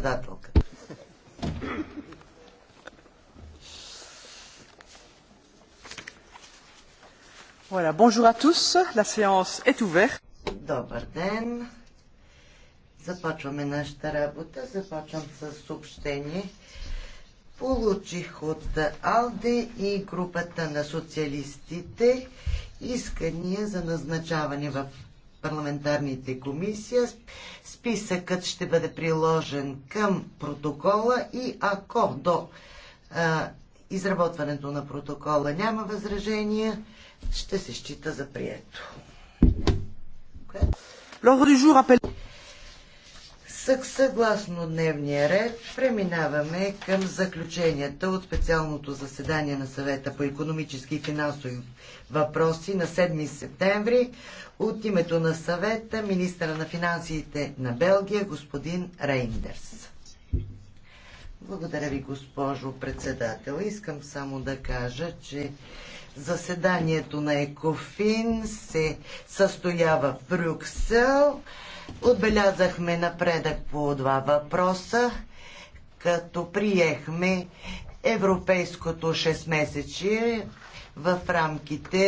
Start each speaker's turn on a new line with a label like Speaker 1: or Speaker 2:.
Speaker 1: председателка. Voilà, bonjour à tous, la séance est ouverte. Добър ден. Започваме нашата работа. Започвам с съобщение. Получих от АЛДЕ и групата на социалистите искания за назначаване в парламентарните комисии. Списъкът ще бъде приложен към протокола и ако до а, изработването на протокола няма възражения, ще се счита за прието. Okay. Съгласно дневния ред, преминаваме към заключенията от специалното заседание на съвета по економически и финансови въпроси на 7 септември. От името на съвета, министра на финансите на Белгия, господин Рейндерс. Благодаря ви, госпожо председател. Искам само да кажа, че заседанието на ЕКОФИН се състоява в Брюксел. Отбелязахме напредък по два въпроса, като приехме европейското 6-месечие в рамките